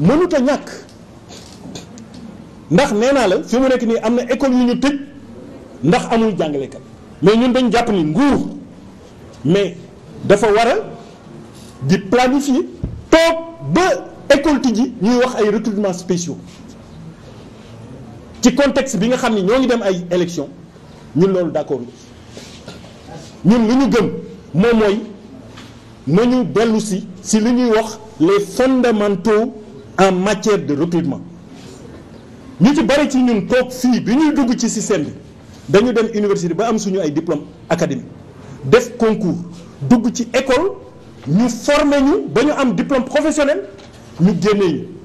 mënut a ñàkk ndax nee naa la fi mu nekk nii am na école yu ñu tëj ndax amul jàngalekat mais ñun dañ jàpp ni nguur mais dafa war a di planifier toog ba école tijji ñuy wax ay recrutements spéciaux ci contexte bi nga xam ni ñoo ngi dem ay élection ñun loolu d'accord ñun lu ñu gëm moom mooy nañu dellu si si li ñuy wax les fondamentaux en matière de recrutement ñu ci bari ci ñun toog fii bi ñuy dugg ci système bi dañu dem université ba am suñu ay diplôme académique def concours dugg ci école ñu former ñu ba ñu am diplôme professionnel ñu génne ñu